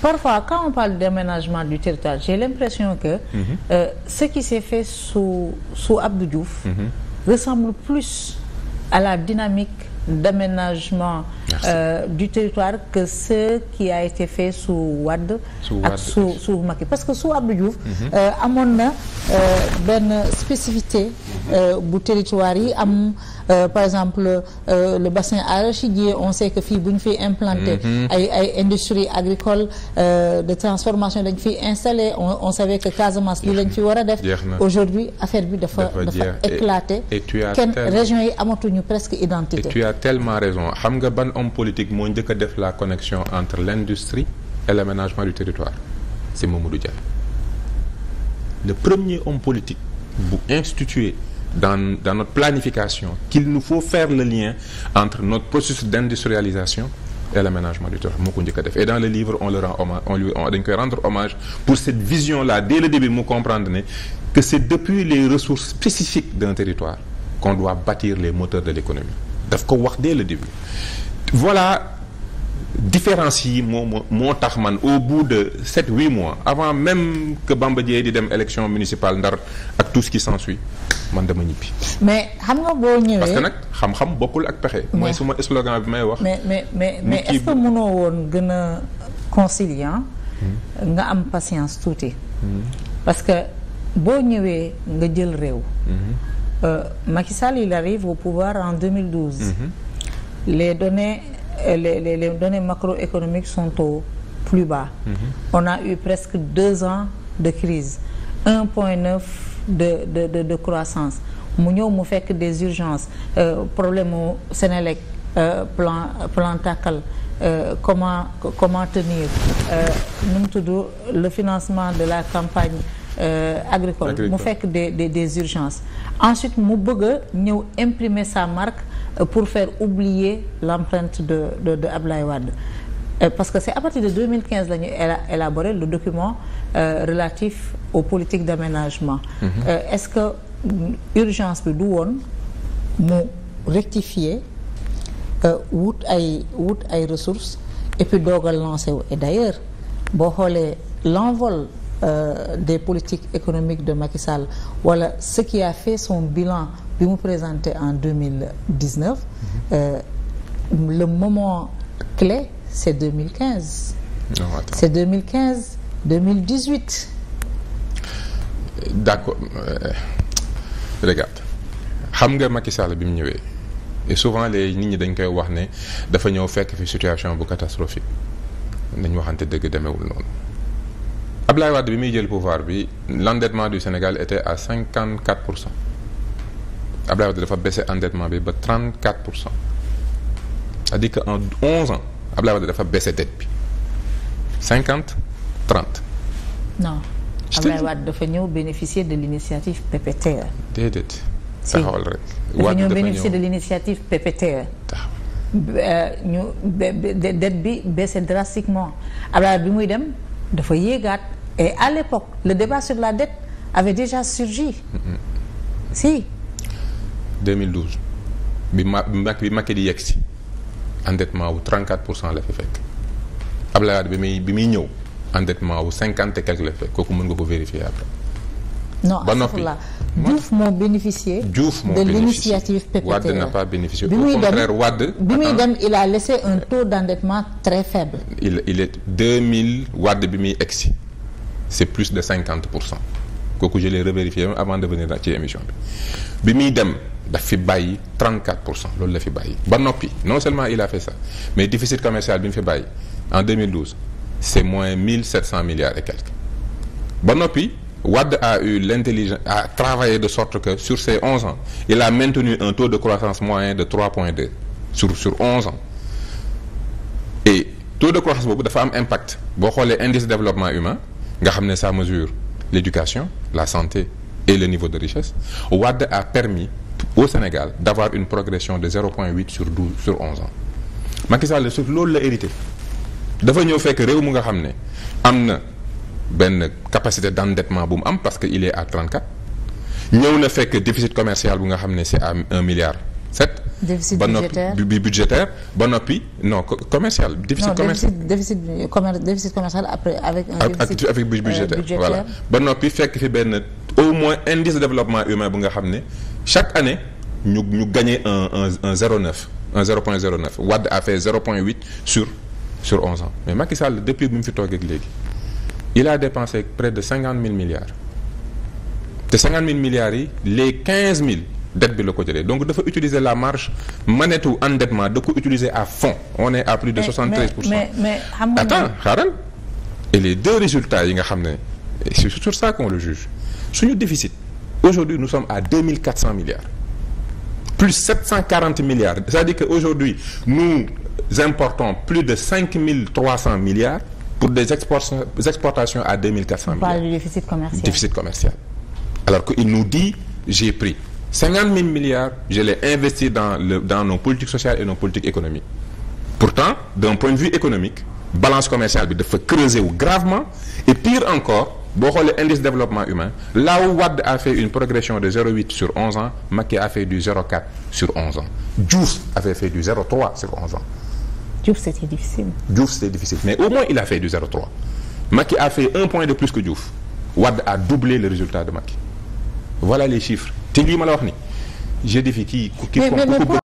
Parfois, quand on parle d'aménagement du territoire, j'ai l'impression que mm -hmm. euh, ce qui s'est fait sous, sous Abdou Diouf mm -hmm. ressemble plus à la dynamique d'aménagement euh, du territoire que ce qui a été fait su wadd ak su sous Macky parce que su Abdou Diouf mhm. euh, amoon na euh, benn spécificité mhm. euh, bu territoire yi am par exemple euh, le bassin arachidier on sait que fii bu ñu fi implanté mhm. ay ay industrie agricole euh, de transformation dañ fiy installé on, on savait que Casamance li lañ fi war a def aujourd'hui affaire bi dafa dafa éclaté kenn région yi amatuñu presque identité tellement raison xam nga ban homme politique moo njëkk def la connexion entre l'industrie et l'aménagement du territoire c'est Mamadou Dia le premier homme politique bu institué dans dans notre planification qu'il nous faut faire le lien entre notre processus d'industrialisation et l'aménagement du territoire moo ko a def et dans le livre on le rend hommage on lui dañ koy rendre hommage pour cette vision là dès le début mu comprendre ne que c'est depuis les ressources spécifiques d'un territoire daf ko wax dès le début voilà différence yi moo moo tax man au bout de set huit mois avant même que Bamba Dièye di dem élection municipale Ndar ak tout ce qui s'ensuit man dama ñibbi. mais xam nga boo ñëwee parce nag xam-xam bokkul ak pexe. mooy suma slogan bi may wax. mais mais mais mais est-ce woon gën a conciliant. Hmm. nga am patience tuuti. Hmm. parce que boo ñëwee nga jël réew. Hmm. Euh, Macky Sall, il arrive au pouvoir en 2012. Mhm. Les données, euh, les, les, les données macroéconomiques sont au plus bas. Mm -hmm. On a eu presque deux ans de crise. de, de, de, de, croissance. Mu ñëw mu fekk des urgences euh, problème mu Sénélec euh, plan plan tàkkal euh, comment comment tenir euh, nu mu le financement de la campagne Euh, agricole mu fekk des des des urgences ensuite mu bëgg ñëw imprimer sa marque euh, pour faire oublier l'empreinte de de de Ablaye euh, parce que c'est à partir de 2015 la ñu élaboré le document relatif aux politiques d'aménagement mm-hmm. est-ce que mm, urgence bi du woon mu rectifier wut ay wut ay ressources et puis doog a et d'ailleurs boo xoolee l'envol euh, des politiques économiques de Macky Sall wala ce qui a fait son bilan bi mu présenté en 2019 euh, le moment clé c'est 2015 non, c'est 2015 2018 d'accord euh, regarde xam nga Macky Sall bi mu ñëwee et souvent les nit ñi dañ koy wax ne dafa ñëw fekk fi situation bu catastrophique nañ waxante dëgg demewul noonu Ablaye Wade bi muy jël pouvoir bi l'endettement du Sénégal était à cinquante quatre pour cent Ablaye Wade dafa baissé endettement bi ba trente quatre pour cent c'est-à-dire que en onze ans Ablaye Wade dafa baissé dette bi cinquante trente. non Ablaye Wade dafa ñëw bénéficier de l'initiative PPTE. déedéet. taxawal rek. dafa ñëw bénéficier de l'initiative PPTE. Euh, ñu dette bi baissé drastiquement Ablaye Wade bi muy dem dafa yéegaat. Et à l'époque, le débat sur la dette avait déjà surgi. Mm -hmm. Si. bi ma bi Macky di yegg si endettement wu 34 pour cent la fi bi muy bi muy ñëw endettement wu 50 et quelque la fi fekk kooku mën nga ko vérifier non ba noppi la moo bénéficié. Diouf moo bénéficié de l'initiative PPTE Wade n'a pas bénéficié. au contraire Wade. bi muy dem il a laissé un taux d'endettement très faible. il il est 2000 Wade bi muy egg c'est plus de cinquante pour cent kooku je l'ai revérifié avant de venir ci émission bi bi muy dem daf fi bàyyi 34 pour cent loolu la fi bàyyi ba noppi non seulement il a fait ça mais déficit commercial bi mu fi bàyyi en 2012 c'est moins 1700 milliards et quelques ba noppi Wade a eu l'intelligence a travaillé de sorte que sur ces 11 ans il a maintenu un taux de croissance moyen de 3.2 sur sur 11 ans et taux de croissance boobu dafa am impact boo xoolee indice développement humain nga xam ne ça mesure l'éducation la santé et le niveau de richesse Wade a permis au Sénégal d'avoir une progression de 0.8 sur 12 sur 11 ans Macky Sall sur loolu la hérité dafa ñëw fekk réew mu nga xam ne am na benn capacité d'endettement bu mu am parce que il est à 34 ñëw na fekk déficit commercial bu nga xam ne c'est à un milliard 7 déficit ba noppi bi budgétaire ba noppi non commercial. déficit commercial non déficit déficit commercial après avec. un déficit avec euh, budgétaire voilà ba noppi fekk fi benn au moins indice de développement humain bu nga xam ne chaque année ñu ñu gagné un un un 0,9 un 0,09 Wade a fait 0,8 sur sur 11 ans mais Macky Sall depuis bi mu fi toogee léegi il a dépensé près de 50 000 milliards te 50 000 milliards yi les 15 mille dette bi la ko jëlee donc dafa utiliser la marge manette ou endettement da ko utiliser à fond on est à plus de 73 pour cent mais mais xam nga attends xaaral et les deux résultats yi nga xam ne c'est sur ça qu'on le juge suñu déficit aujourd'hui nous sommes à 2400 milliards plus 740 milliards c'est-à-dire que aujourd'hui nous importons plus de 5300 milliards pour des exportations à 2400 milliards. On parle du déficit commercial. Déficit commercial. Alors qu'il nous dit, j'ai pris cinquante mille milliards je l'ai investi dans le dans nos politiques sociales et nos politiques économiques pourtant d'un point de vue économique balance commerciale bi dafa creuser wu gravement et pire encore boo xoolee indice développement humain là où Wade a fait une progression de 0,8 sur 11 ans Macky a fait du 0,4 sur 11 ans Diouf avait fait du 0,3 sur 11 ans. Diouf c'était difficile. mais au moins il a fait du 0,3 a fait un point de plus que Diouf Wade a doublé le résultat de Macky voilà les chiffres. te lii ma la wax ni je défie kii. ku